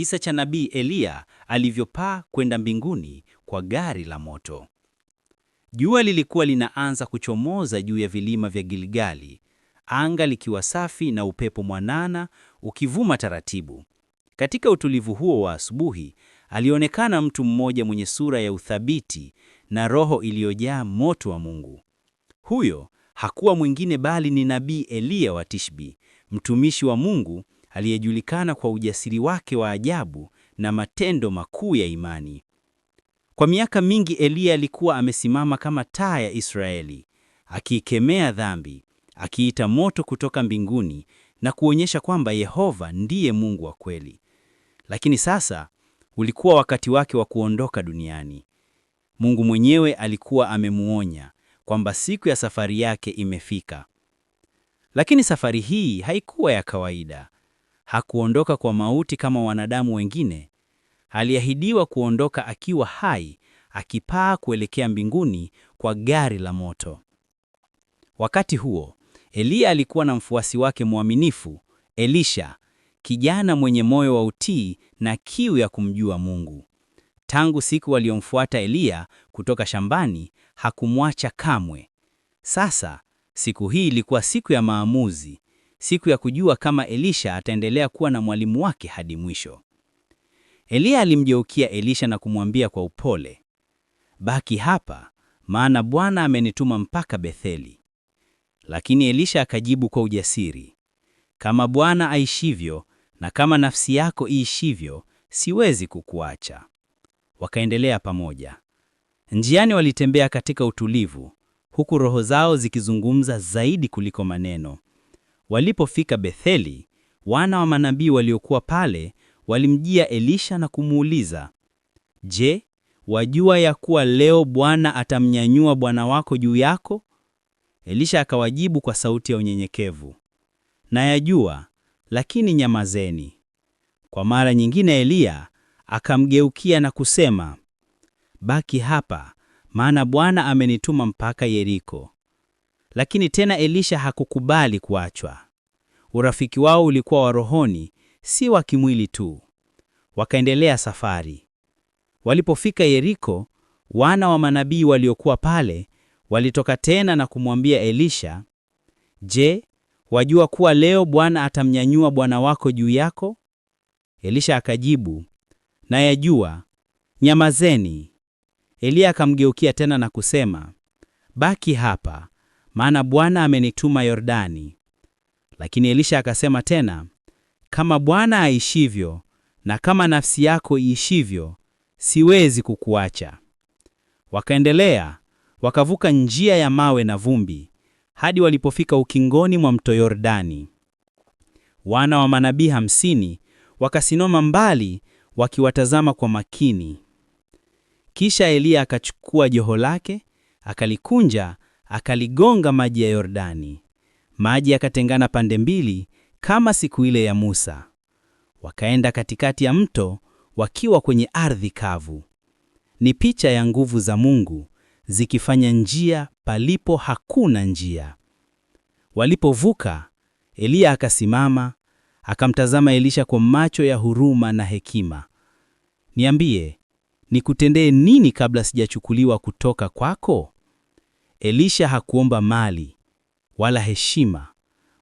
kisa cha nabii Eliya alivyopaa kwenda mbinguni kwa gari la moto. Jua lilikuwa linaanza kuchomoza juu ya vilima vya Gilgali, anga likiwa safi na upepo mwanana ukivuma taratibu. Katika utulivu huo wa asubuhi, alionekana mtu mmoja mwenye sura ya uthabiti na roho iliyojaa moto wa Mungu. Huyo hakuwa mwingine bali ni nabii Eliya wa Tishbi, mtumishi wa Mungu aliyejulikana kwa ujasiri wake wa ajabu na matendo makuu ya imani. Kwa miaka mingi Eliya alikuwa amesimama kama taa ya Israeli, akiikemea dhambi, akiita moto kutoka mbinguni na kuonyesha kwamba Yehova ndiye Mungu wa kweli. Lakini sasa ulikuwa wakati wake wa kuondoka duniani. Mungu mwenyewe alikuwa amemuonya kwamba siku ya safari yake imefika. Lakini safari hii haikuwa ya kawaida hakuondoka kwa mauti kama wanadamu wengine. Aliahidiwa kuondoka akiwa hai, akipaa kuelekea mbinguni kwa gari la moto. Wakati huo, Eliya alikuwa na mfuasi wake mwaminifu, Elisha, kijana mwenye moyo wa utii na kiu ya kumjua Mungu. Tangu siku waliomfuata Eliya kutoka shambani, hakumwacha kamwe. Sasa siku hii ilikuwa siku ya maamuzi, siku ya kujua kama Elisha ataendelea kuwa na mwalimu wake hadi mwisho. Eliya alimgeukia Elisha na kumwambia kwa upole, baki hapa, maana Bwana amenituma mpaka Betheli. Lakini Elisha akajibu kwa ujasiri, kama Bwana aishivyo na kama nafsi yako iishivyo, siwezi kukuacha. Wakaendelea pamoja. Njiani walitembea katika utulivu, huku roho zao zikizungumza zaidi kuliko maneno. Walipofika Betheli, wana wa manabii waliokuwa pale walimjia Elisha na kumuuliza, "Je, wajua ya kuwa leo Bwana atamnyanyua bwana wako juu yako?" Elisha akawajibu kwa sauti ya unyenyekevu, "Nayajua, lakini nyamazeni." Kwa mara nyingine Eliya akamgeukia na kusema, "Baki hapa, maana Bwana amenituma mpaka Yeriko." Lakini tena Elisha hakukubali kuachwa. Urafiki wao ulikuwa wa rohoni, si wa kimwili tu. Wakaendelea safari. Walipofika Yeriko, wana wa manabii waliokuwa pale walitoka tena na kumwambia Elisha, "Je, wajua kuwa leo Bwana atamnyanyua bwana wako juu yako?" Elisha akajibu, "Nayajua, nyamazeni." Eliya akamgeukia tena na kusema, "Baki hapa, maana Bwana amenituma Yordani. Lakini Elisha akasema tena, kama Bwana aishivyo na kama nafsi yako iishivyo, siwezi kukuacha. Wakaendelea wakavuka njia ya mawe na vumbi hadi walipofika ukingoni mwa mto Yordani. Wana wa manabii hamsini wakasimama mbali wakiwatazama kwa makini. Kisha Eliya akachukua joho lake akalikunja akaligonga maji ya Yordani. Maji yakatengana pande mbili kama siku ile ya Musa. Wakaenda katikati ya mto wakiwa kwenye ardhi kavu. Ni picha ya nguvu za Mungu zikifanya njia palipo hakuna njia. Walipovuka, Eliya akasimama, akamtazama Elisha kwa macho ya huruma na hekima. Niambie, nikutendee nini kabla sijachukuliwa kutoka kwako? Elisha hakuomba mali wala heshima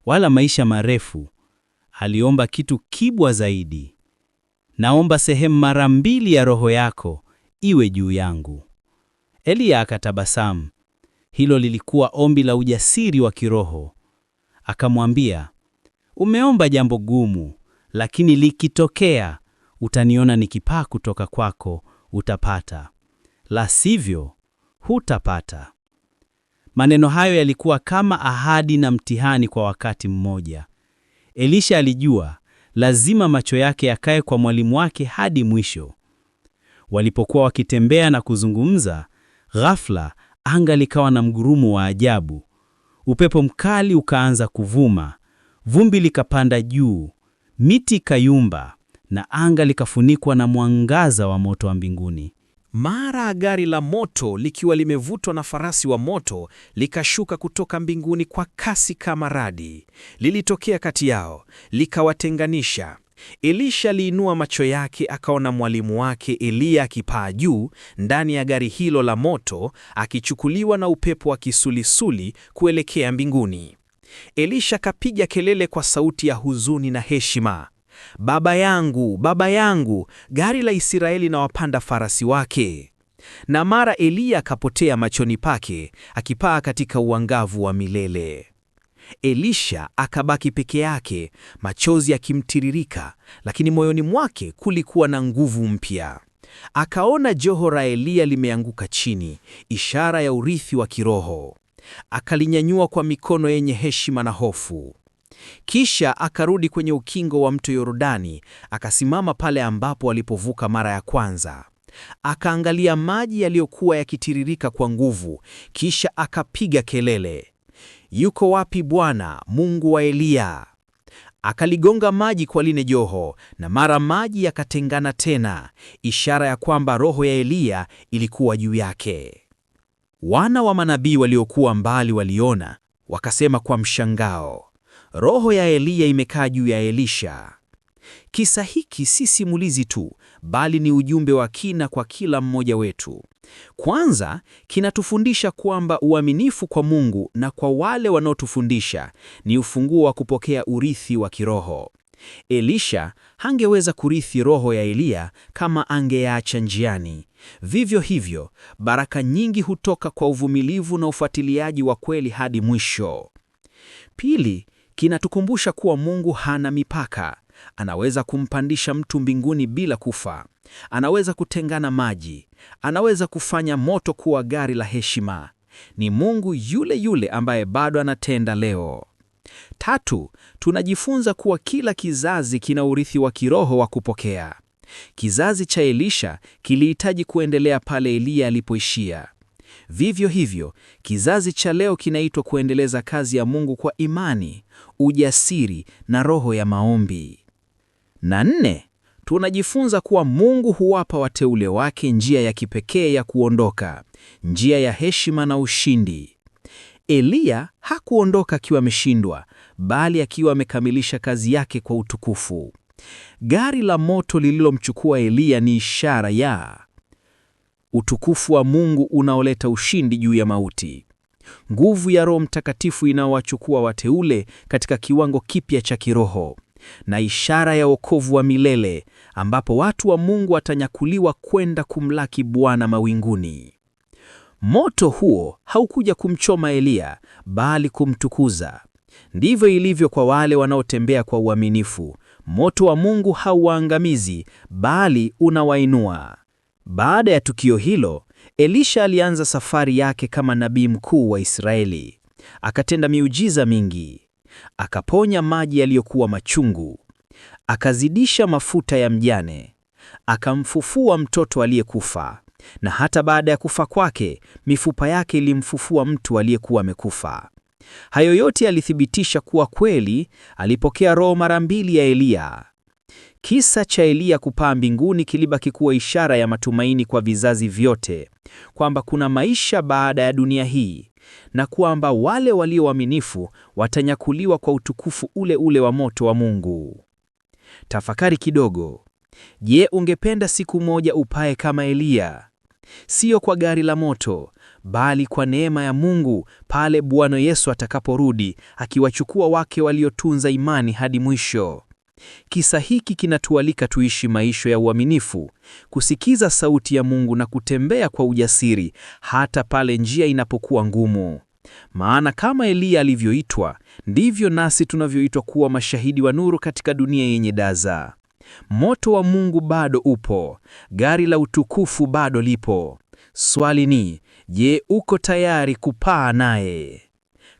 wala maisha marefu. Aliomba kitu kibwa zaidi: naomba sehemu mara mbili ya roho yako iwe juu yangu. Eliya akatabasamu. Hilo lilikuwa ombi la ujasiri wa kiroho. Akamwambia, umeomba jambo gumu, lakini likitokea utaniona nikipaa kutoka kwako, utapata; la sivyo hutapata. Maneno hayo yalikuwa kama ahadi na mtihani kwa wakati mmoja. Elisha alijua lazima macho yake yakae kwa mwalimu wake hadi mwisho. Walipokuwa wakitembea na kuzungumza, ghafla anga likawa na mgurumo wa ajabu. Upepo mkali ukaanza kuvuma, vumbi likapanda juu, miti ikayumba na anga likafunikwa na mwangaza wa moto wa mbinguni. Mara gari la moto likiwa limevutwa na farasi wa moto likashuka kutoka mbinguni kwa kasi kama radi, lilitokea kati yao likawatenganisha. Elisha aliinua macho yake akaona mwalimu wake Eliya akipaa juu ndani ya gari hilo la moto, akichukuliwa na upepo wa kisulisuli kuelekea mbinguni. Elisha kapiga kelele kwa sauti ya huzuni na heshima, Baba yangu, baba yangu, gari la Israeli na wapanda farasi wake. Na mara Eliya akapotea machoni pake, akipaa katika uangavu wa milele. Elisha akabaki peke yake, machozi akimtiririka lakini moyoni mwake kulikuwa na nguvu mpya. Akaona joho la Eliya limeanguka chini, ishara ya urithi wa kiroho. Akalinyanyua kwa mikono yenye heshima na hofu. Kisha akarudi kwenye ukingo wa mto Yordani, akasimama pale ambapo alipovuka mara ya kwanza. Akaangalia maji yaliyokuwa yakitiririka kwa nguvu, kisha akapiga kelele, yuko wapi Bwana Mungu wa Eliya? Akaligonga maji kwa lile joho, na mara maji yakatengana tena, ishara ya kwamba roho ya Eliya ilikuwa juu yake. Wana wa manabii waliokuwa mbali waliona, wakasema kwa mshangao Roho ya Eliya imekaa juu ya Elisha. Kisa hiki si simulizi tu, bali ni ujumbe wa kina kwa kila mmoja wetu. Kwanza, kinatufundisha kwamba uaminifu kwa Mungu na kwa wale wanaotufundisha ni ufunguo wa kupokea urithi wa kiroho. Elisha hangeweza kurithi roho ya Eliya kama angeacha njiani. Vivyo hivyo, baraka nyingi hutoka kwa uvumilivu na ufuatiliaji wa kweli hadi mwisho. Pili, kinatukumbusha kuwa Mungu hana mipaka. Anaweza kumpandisha mtu mbinguni bila kufa, anaweza kutengana maji, anaweza kufanya moto kuwa gari la heshima. Ni Mungu yule yule ambaye bado anatenda leo. Tatu, tunajifunza kuwa kila kizazi kina urithi wa kiroho wa kupokea. Kizazi cha Elisha kilihitaji kuendelea pale Eliya alipoishia. Vivyo hivyo, kizazi cha leo kinaitwa kuendeleza kazi ya Mungu kwa imani, ujasiri na roho ya maombi. Na nne, tunajifunza kuwa Mungu huwapa wateule wake njia ya kipekee ya kuondoka, njia ya heshima na ushindi. Eliya hakuondoka akiwa ameshindwa, bali akiwa amekamilisha kazi yake kwa utukufu. Gari la moto lililomchukua Eliya ni ishara ya utukufu wa Mungu unaoleta ushindi juu ya mauti nguvu ya Roho Mtakatifu inawachukua wateule katika kiwango kipya cha kiroho na ishara ya wokovu wa milele ambapo watu wa Mungu watanyakuliwa kwenda kumlaki Bwana mawinguni. Moto huo haukuja kumchoma Eliya bali kumtukuza. Ndivyo ilivyo kwa wale wanaotembea kwa uaminifu. Moto wa Mungu hauwaangamizi bali unawainua. Baada ya tukio hilo, Elisha alianza safari yake kama nabii mkuu wa Israeli. Akatenda miujiza mingi, akaponya maji yaliyokuwa machungu, akazidisha mafuta ya mjane, akamfufua mtoto aliyekufa, na hata baada ya kufa kwake mifupa yake ilimfufua mtu aliyekuwa amekufa. Hayo yote alithibitisha kuwa kweli alipokea roho mara mbili ya Eliya. Kisa cha Eliya kupaa mbinguni kilibaki kuwa ishara ya matumaini kwa vizazi vyote, kwamba kuna maisha baada ya dunia hii na kwamba wale walio waaminifu watanyakuliwa kwa utukufu ule ule wa moto wa Mungu. Tafakari kidogo. Je, ungependa siku moja upae kama Eliya? Sio kwa gari la moto, bali kwa neema ya Mungu pale Bwana Yesu atakaporudi akiwachukua wake waliotunza imani hadi mwisho. Kisa hiki kinatualika tuishi maisha ya uaminifu, kusikiza sauti ya Mungu na kutembea kwa ujasiri hata pale njia inapokuwa ngumu. Maana kama Eliya alivyoitwa, ndivyo nasi tunavyoitwa kuwa mashahidi wa nuru katika dunia yenye daza. Moto wa Mungu bado upo, gari la utukufu bado lipo. Swali ni je, uko tayari kupaa naye?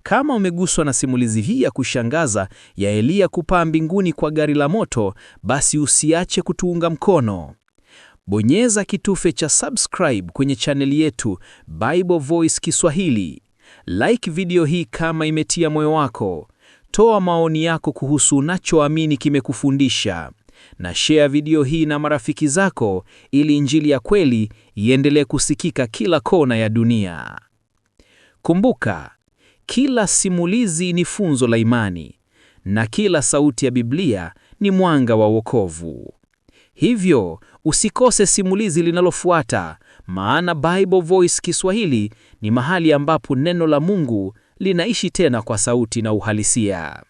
Kama umeguswa na simulizi hii ya kushangaza ya Eliya kupaa mbinguni kwa gari la moto, basi usiache kutuunga mkono. Bonyeza kitufe cha subscribe kwenye chaneli yetu Bible Voice Kiswahili. Like video hii kama imetia moyo wako. Toa maoni yako kuhusu unachoamini kimekufundisha, na share video hii na marafiki zako ili injili ya kweli iendelee kusikika kila kona ya dunia. Kumbuka, kila simulizi ni funzo la imani na kila sauti ya Biblia ni mwanga wa wokovu. Hivyo usikose simulizi linalofuata, maana Bible Voice Kiswahili ni mahali ambapo neno la Mungu linaishi tena kwa sauti na uhalisia.